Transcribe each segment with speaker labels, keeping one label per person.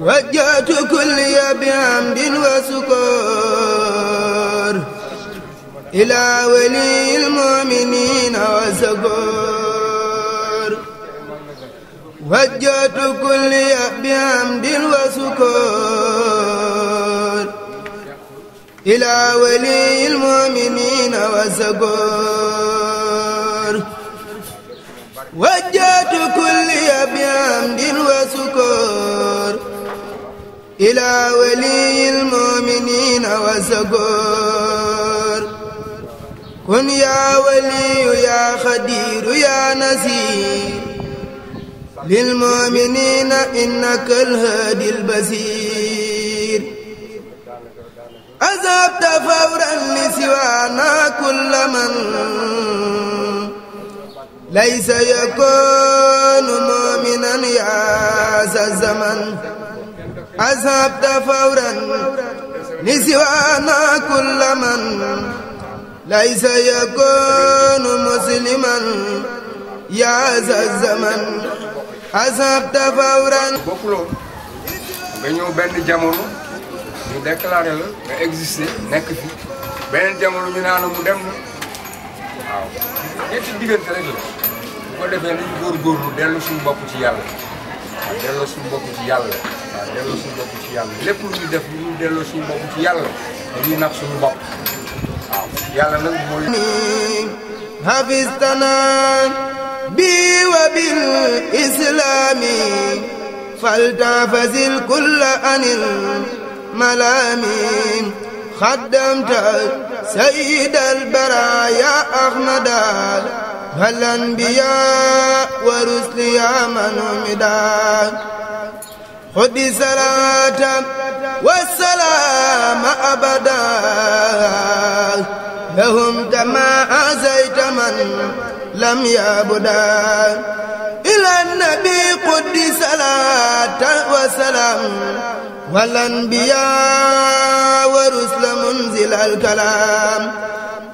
Speaker 1: وجهت كلي بحمد وسكور إلى ولي المؤمنين وسكور وجهت كلي بحمد وسكور إلى ولي المؤمنين وسكور وجهت كلي بحمد وسكور إلى ولي المؤمنين وسكور كن يا ولي يا خدير يا نسير للمؤمنين إنك الهادي البصير أذهبت فورا لسوانا كل من laysa yakunu muminan yaa sa zaman asabta fawran li siwaana kulla man laysa yakunu musliman yaa sa zaman asabta fawran bokkuloo
Speaker 2: nga ñëw benn jamono ñu déclaré la nga nekk fi beneen jamono ñu naan mu dem waaw ñetti diggante rek la bu ko defee nañu góorgóorlu dellu suñu bopp ci yàlla waaw delloo suñu bopp ci yàlla waaw delloo suñu bopp ci yàlla lépp lu ñu def lu ñu delloo suñu bopp ci yàlla dañuy nax suñu bopp
Speaker 1: waaw yàlla nag mooy hafistana bi wa bil islami faltafasil kulla anil malami خدمت سيد البرايا أحمدا والأنبياء ورسل يا من أمدا خذ صلاة والسلام أبدا لهم كما أزيت من لم يعبدا إلى النبي قدس صلاة وسلام والأنبياء ورسل منزل الكلام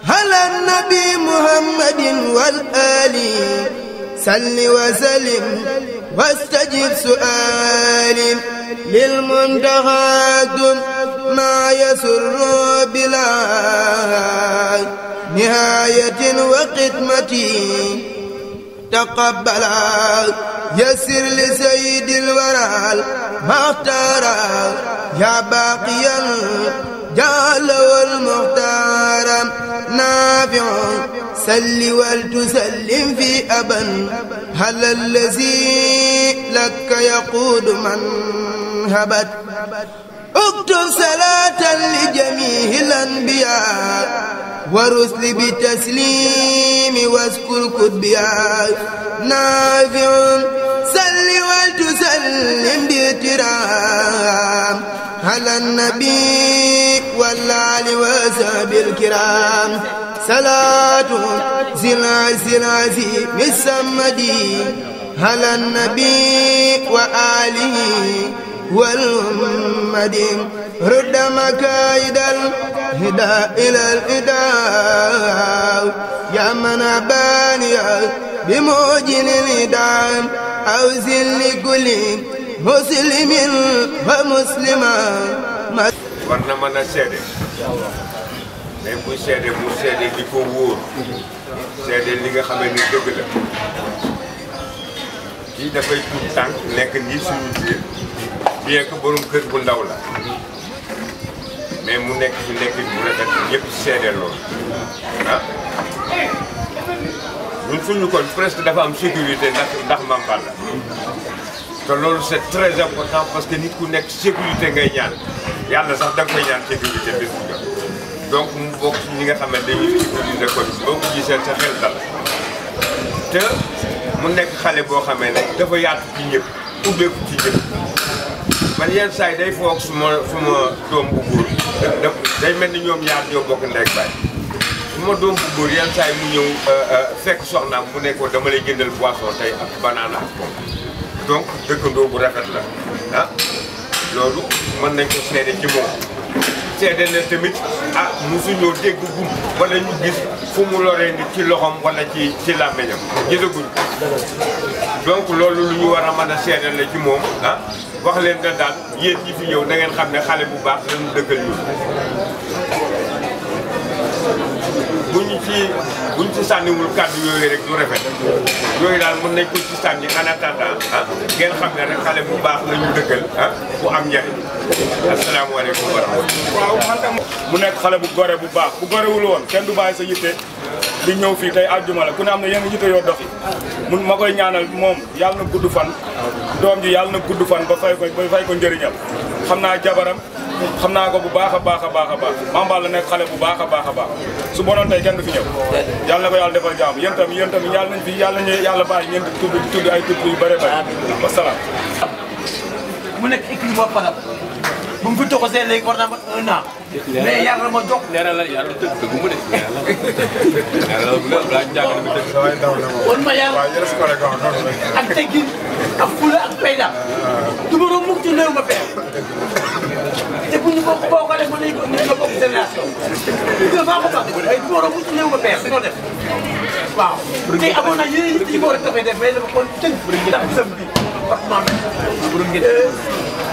Speaker 1: على النبي محمد والآل سل وسلم واستجب سؤالي للمنتهى ما يسر بلا نهاية وقدمتي taqabbala yassir li sayyidil waral maxtaara yaa baaqiyan jaala wal muxtaara naafi'an salli wal tusallim fi aban ala allazi laka yaquudu man habat uktub salaatan li jamiihil anbiyaa ورسل بالتسليم واذكر قطبها نافع سل وتسلم باحترام على النبي والآل وصحبه الكرام صلاة سلع سلع مسمدي على النبي وآله والأمة رد مكايد هدا إلى الإداء يا من بانيا بموجن الإداء أوزن لكل مسلم ومسلمة
Speaker 2: war na mën a seede mais bu seede bu seede li ko wóor seede li nga xamee ni dëgg la kii dafay tuut tànk nekk nii suñu biir bien que borom kër bu ndaw la mais mu nekk ci nekk bu rafet ñëpp seede loolu ah ñun suñu kon presque dafa am sécurité ndax ndax Mame Balla te loolu c' est très important parce que nit ku nekk sécurité ngay ñaan yàlla sax da nga koy ñaan sécurité bés bu jot donc mu bokk ci ñi nga xam ne dañuy sécuriser kon boo ko gisee nekk xale boo xamee ne dafa yaatu ci ñëpp ubbeeku yi day foog su ma su doom bu góor day mel ni ñoom ñaar ñoo bokk ndey ak baay ma doom bu góor yan saa yi mu ñëw euh, euh, fekk soxnaam mu ne ko dama lay jëndal boisson tey ak banana ak donc dëkkandoo bu rafet la ah loolu mën nañ ko seede ci seede na tamit ah mosuñoo dégg gum wala ñu gis fu mu loree ci loxoom wala ci ci làmmiñam gisaguñ donc loolu lu ñu war a mën a seede la ci moom ah. wax leen na daal yéen ñi fi ñëw na ngeen xam ne xale bu baax lañu dëggal ñu buñ ci ci sànniwul kàddu yooyu rek du rafet yooyu daal mën nañ ko ci sànni en attendant ah ngeen xam ne xale bu baax lañu dëggal ah bu am njariñ asalaamaaleykum wa rahmatulah. mu nekk xale bu gore bu baax bu gorewul woon kenn du bàyyi sa yitte di ñëw fii tey àjjuma la ku ne am na yenn yitte yoo doxi mun ma koy ñaanal moom yàlla na gudd fan. doom ji yàlla na gudd fan ba fay ko ba fay ko njëriñam xam naa jabaram xam naa ko bu baax a baax a baax a baax mambal la nekk xale bu baax a baax a baax su bonoon tey kenn du fi ñëw yàlla na ko yàlla defal jaam yéen tam yéen tam yàlla nañ fi yàlla nañu yàlla bàyyi ngeen di tudd tudd ay tudd yu bëri bëri wasalaam
Speaker 3: mu nekk écrit boo bu mu fi toxasee léegi war naa ma un an. mais yàlla ma
Speaker 2: la yàlla dëgg dëgg mu de yàlla. yàlla bu leer balaa
Speaker 3: ñu ma yàlla ak teggin ak fula ak fayda. du ma doon mukk ma pexe. te bu ko boo ko def mën nañu ko mën nañu ko bokk génération. du ma ko bokk mais du ma doon mukk ci néew ma pexe su ko def. waaw tey amoon na yeneen yi ko war a def mais dama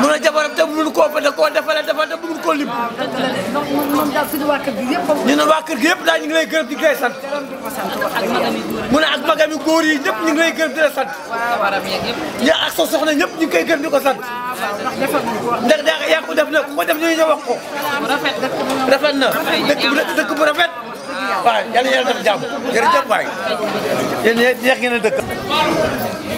Speaker 3: mun a jabaram te mun koo fa koo defale defal te mun koo lim. waaw dëgg la moom kër gi yëpp. ñu ne waa kër gi yëpp daal ñu ngi lay gërëm di koy sant. mu ne ak magami góor yi ñëpp ñu ngi lay gërëm di la sant. ya ak sa soxna ñëpp ñu ngi koy gërëm di ko sant. ndax daa yaa ko def na ko def ñu ñu wax ko. rafet na dëkk bu rafet. waaw yàlla yàlla def jàmm jërëjëf waay yéen yéen yéex ngeen a dëkk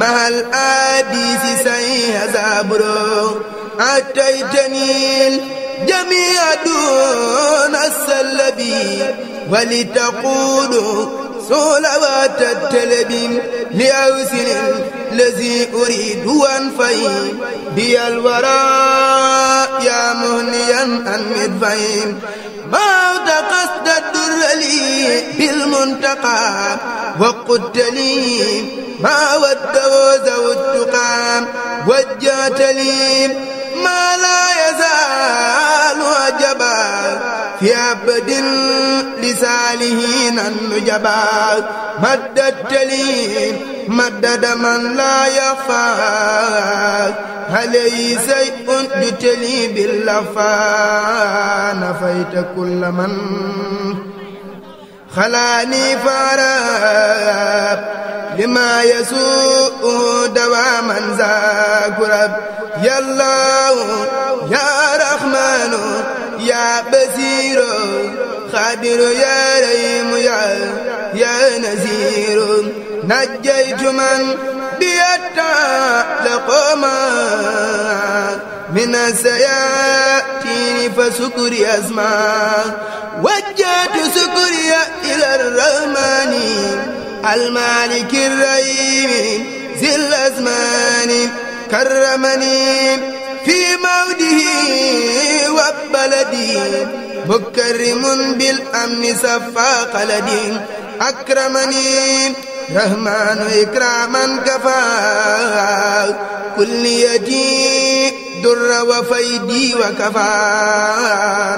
Speaker 1: مع الآديس سيها زابرو أتيتني الجميع دون السلبي ولتقول صلوات التلب لأوسن الذي أريد وأنفي بي الوراء يا مهنيا أنمد فهم ما تقصد الدر لي بالمنتقى وقلت لي ما وده زوجت قام وجهت لي ما لا يزال عجبا في عبد لسالهين النجبا مددت لي مدد من لا يخفى عليه شيء بتلي باللفا نفيت كل من خلاني فاراب لما يسوءه دواما ذاكرب يا الله يا رحمن يا بصير خبير يا ريم يا يا نذير نجيت من بيتعلق معك من السياتين فسكري أزمان وجهت سكري إلى الرحمن المالك الريم ذي الأزمان كرمني في موده وبلدي مكرم بالأمن صفى قلدي أكرمني رحمن إكراما كفى كل يدي در وفيدي وكفى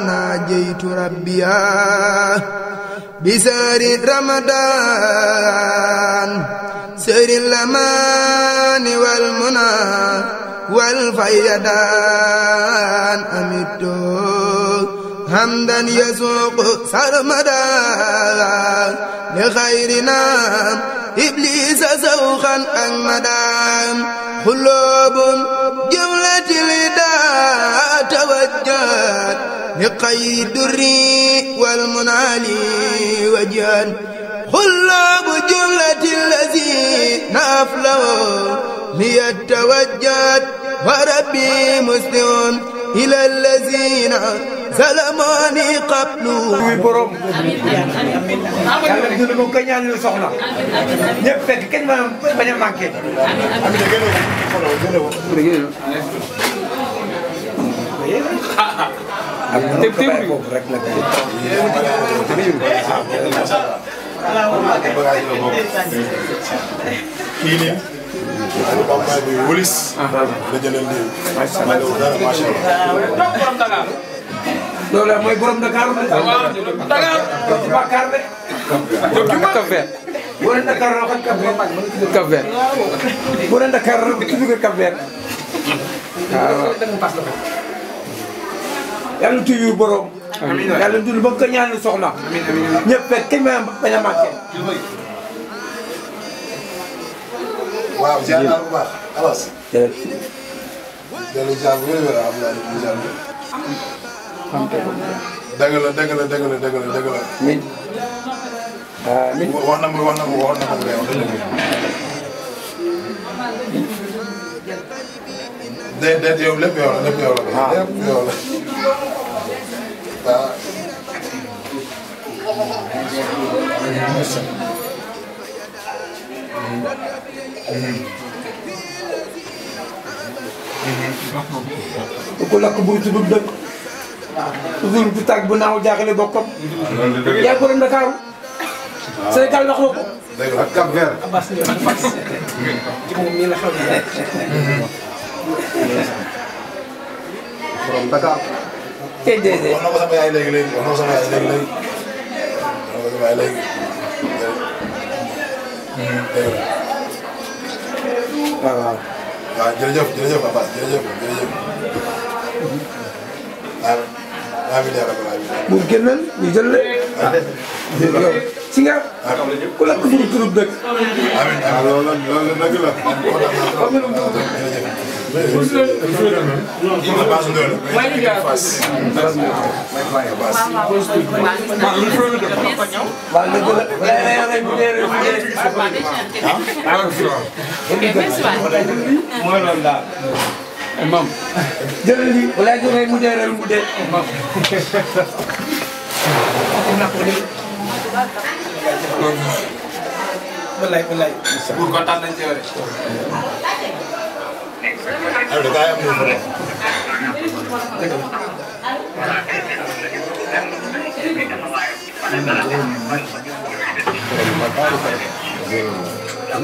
Speaker 1: ناجيت ربيا bi sëriñ Ramadan sëriñ lamaani wal muna wal fayyadaan amitto hamdan yasuuqu sarmadan li xayrinaam ibliisa sawxan ak madam xulóobun لقي دري والمنالي وجان خلاب جملة الذين أفلوا ليتوجد وربي مسلم إلى الذين ظلموني قبل borom yàlla dund ma ko ñaan
Speaker 3: lu soxla ñëpp fekk kenn maanaam bañ a manqué am ak bu ñu ko bàyyi foofu rek nag. kii nii. Bamba bi wëlis. dajaleel lii. macha allah loolu mooy borom Dakar. Dakar. Bakar de. Cap-Vert. boo nee Dakar loo xam Cap-Vert. boo nee Dakar loo xam Cap-Vert. waaw. yàlla na tuyul borom. amiin yàlla na dund ba a manqué. waaw ziar lu ziar bi. am te ko. dëgg la dëgg la dëgg la dëgg la dëgg wax na المرسل ku lakk buy tudd dëkk. toujours bu tàgg bu naaw jaaxle bokkam. yaa ko doon Ndakaaru. Sénégal wax ko. ak Cap Vert. Abass Ndiaye moom mii la xam wax na ko sama yaay léegi wax na ko sama yaay léegi wax na ko sama yaay léegi. waaw waaw. waaw jërëjëf jërëjëf Abass jërëjëf jërëjëf. waaw. moom si nga. ku
Speaker 2: la tudd turub dëkk. amiin waaw loolu loolu dëgg la. waaw loolu dëgg la.
Speaker 3: naa ko léegi. wallaay wallaay. buur kontaan nañ ci yow de. allo gars yi am nañu ko de. dëgg la.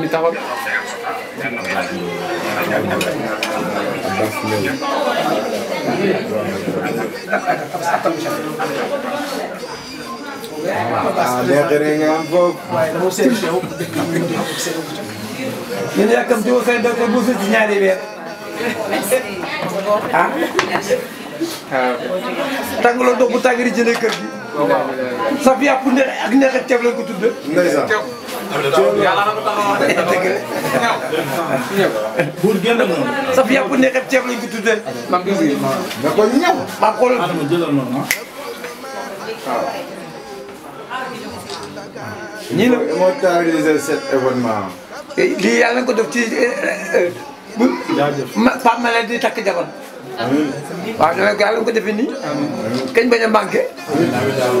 Speaker 3: mi taxaw.
Speaker 2: ah léeg-léeg
Speaker 3: nga am foofu. waaye dama si yow. ñu ne yàkkam jiw kay docteur bu fi ci ñaari weer. ah. tàngaloo doog bu tàngari jëlee kër gi. sa fi yàpp neex ak neex ak ceeb lañ ko tudd. ndeysaan buur génn moom. saf yàpp ne xeb ceeb lañ ko tuddee. maa ngi koy nga koy ñëw maa xoolal. la moo tardé cet événement. Eh, lii yàlla na ko def ci eh, eh, bu. jaajëf Pape Malade di takk jabar. waaw nawet yàlla nga ko defee nii. kañ bañ a manqué.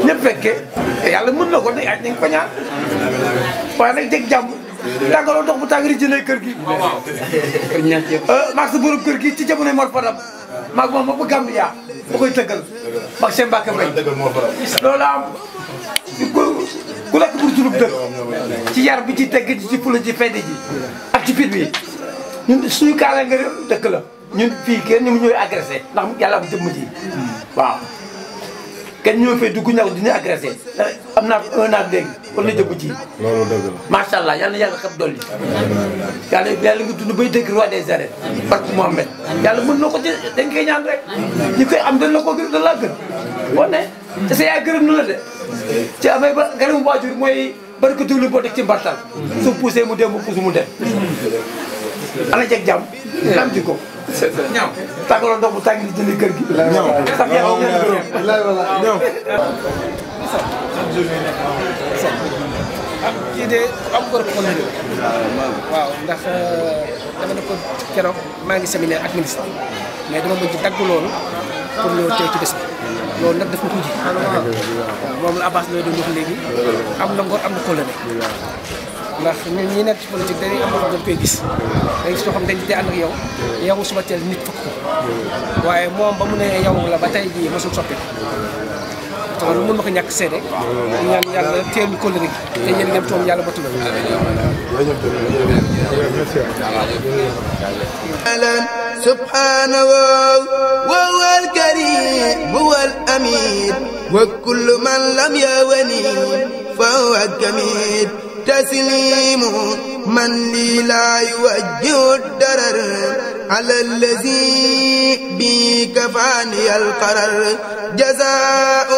Speaker 3: ñëpp fekkee yàlla mën na ko ne aj nañ ko ñaan. waaye nag jég jàmm. tàngaloo ndox bu tàng ci lay kër gi. waaw waaw. Euh, maa ngi sa borom kër gi ci jamonoy Mor Fadam. maa ngi moom ma ko gàmmu yaa ma koy tëggal. maa ngi seen mbàkk mbay. am ku lekk pour tulub dëkk. ci yar bi ci tegg ji ci fula ji fedd ji. ak ci fit bi ñun suñu kaala nga dëkk ñun fii kenn ñu ñuy agressé ndax yàlla am jëmm ji waaw kenn ñoo fay duggu ñàkk duñu agressé ndax am naa un an léegi kon la jëmm ji
Speaker 2: loolu dëgg la
Speaker 3: macha allah yal yàlla xam dolli yàlla yàlla nga dund bay dégg roi des arènes barke Mohamed yàlla mën na ko ci dañ koy ñaan rek ñi koy am dañ la ko gën la laa gën boo ne te sa yaay gërëm la de ci amee ba gërëm waajur mooy barke diwlin boo teg ci mbartal su poussé mu dem mu pousse mu dem ana jeg jàmm. am ci ko. ñaw tàngoor ndox bu tàng di jëli kër ko nuyu. Euh, maa ngi séminaire ak ministre mais dama mujj dagg pour ñëw teew ci loolu nag daf ma tuuti. moom la Abass looy doon léegi. am na am na kóllëre. ndax ñun ñi nekk ci politique dañuy am loo xam dañ koy gis dañuy gis loo xam dañ di ànd ak yow yow suba teel nit fukk ko waaye moom ba mu ne yow la ba tey jii mosul soppi te loolu mën ma ko ñàkk seede ñaan yàlla teel ñu kóllëre gi te yéen ngeen toom yàlla batula
Speaker 1: سبحان وهو الكريم هو الأمير وكل من لم يوني فهو الجميل تسليم من لي لا يوجه الدرر على الذي بي كفاني القرر جزاء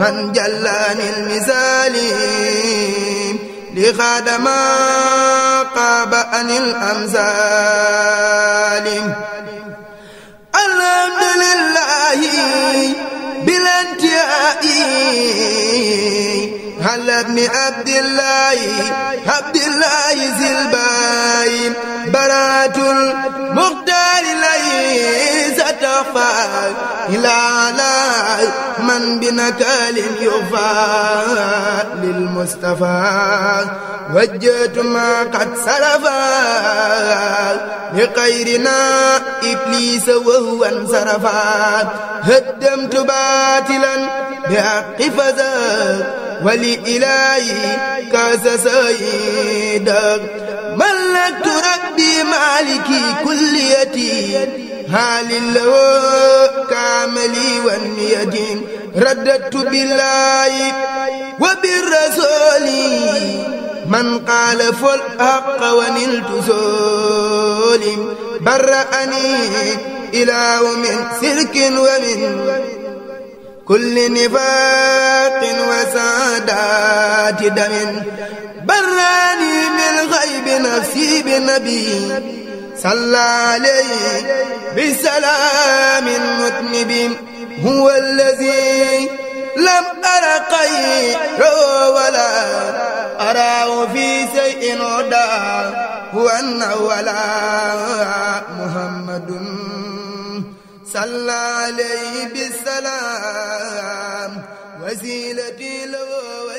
Speaker 1: من جل من مثال لخادم قاب عن الأمثال الحمد لله انتهائي هل ابن عبد الله عبد الله زلباي برات المختار لي يتفاء إلى من بنكال يوفى للمصطفى وجهت ما قد سلفا لغيرنا إبليس وهو انصرفا هدمت باطلا بحق فزاد ولإلهي كاس سيدا ملكت ربي مالكي كليتي هال له كاملي والنيدين رددت بالله وبالرسول من قال فالحق ونلت زولي برأني إله من سلك ومن كل نفاق وسعادات دم براني من غيب نفسي بنبي صلى عليه بسلام متنب هو الذي لم أر خيره ولا أراه في شيء عدا هو ولا محمد صلى عليه بالسلام وسيلتي له